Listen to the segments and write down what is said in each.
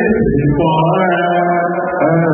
live forever.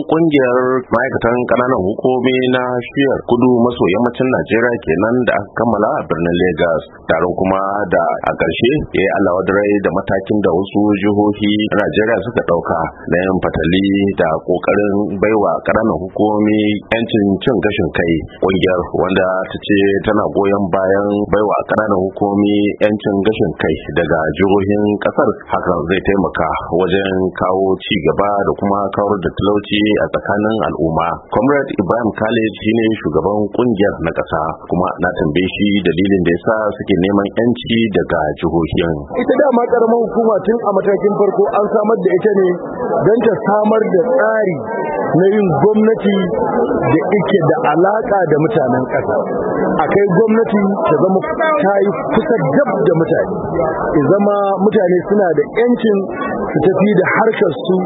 kungiyar ma'aikatan kananan hukumi na shiyar kudu maso yammacin najeriya kenan da aka kammala a birnin lagos taron kuma da a ƙarshe ya eh, yi alawadarai da matakin da wasu jihohi najeriya suka ɗauka na yin fatali da ƙoƙarin baiwa kananan hukumi yancin cin gashin kai kungiyar wanda ta ce tana goyon bayan baiwa kananan hukumi yancin gashin kai daga jihohin ƙasar hakan zai taimaka wajen kawo ci gaba da kuma kawar da talauci a tsakanin al'umma comrade ibrahim khalid shine shugaban kungiyar na ƙasa kuma na tambaye shi dalilin da yasa suke neman yanci daga jihohin ita dama karamar hukuma tun a matakin farko an samar da ita ne don ta samar da tsari na yin gwamnati da ike da alaka da mutanen ƙasa a gwamnati ta zama ta yi kusa gab da mutane zama mutane suna da yancin su tafi da harkar su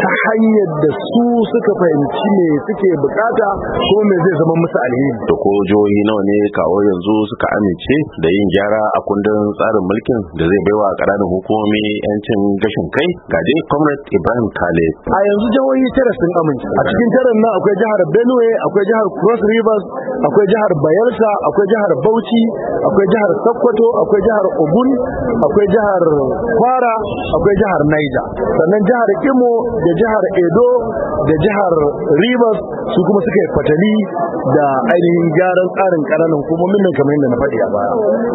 ta hanyar da su suka fahimci me suke bukata ko me zai zama musu alheri da ko jihohi nawa ne kawo yanzu suka amince da yin gyara a kundin tsarin mulkin da zai baiwa ƙananan hukumomi yancin gashin kai ga dai comrade ibrahim kale a yanzu jihohi tara sun amince a cikin taran nan akwai jihar benue akwai jihar cross rivers akwai jihar bayelsa akwai jihar bauchi akwai jihar sokoto akwai jihar ogun akwai jihar kwara akwai jihar nai Niger sannan jihar Imo da jihar Edo da jihar Rivers su kuma suka yi fatali da ainihin gyaran tsarin ƙananan hukumomin nan kamar yadda na faɗi a baya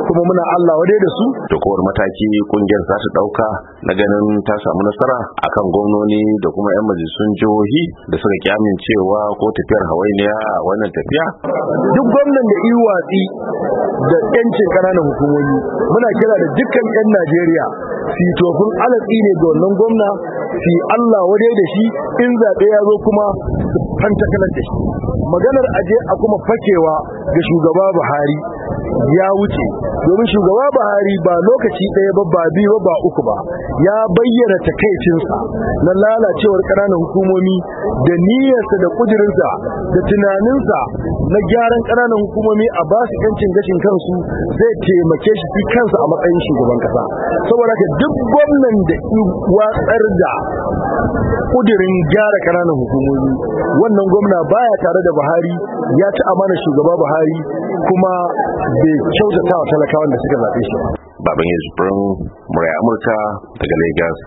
kuma muna Allah wadai da su da kowar mataki kungiyar za ta ɗauka na ganin ta samu nasara akan gwamnoni da kuma 'yan majalisun jihohi da suka kyamin cewa ko tafiyar hawainiya a wannan tafiya duk gwamnan da iwatsi da 'yancin ƙananan hukumomi muna kira da dukkan 'yan Najeriya fi tofin alatsi ne ga wannan gwamna fi Allah wadai da shi in zaɓe ya zo kuma fantakalar da shi maganar aje a kuma fakewa ga shugaba Buhari ya wuce domin shugaba buhari ba lokaci ɗaya ba ba biyu ba uku ba ya bayyana takaicinsa na lalacewar ƙananan hukumomi da niyyarsa da kudirinsa da tunaninsa na gyaran ƙananan hukumomi a ba su yancin gashin kansu zai taimake shi fi kansa a matsayin shugaban kasa saboda haka duk gwamnan da watsar da kudirin gyara ƙananan hukumomi wannan gwamna baya tare da buhari ya ci amana shugaba buhari kuma bai kyautata talakawan da suka zaɓe shi. Baban Yusuf Murai Amurka daga Lagos.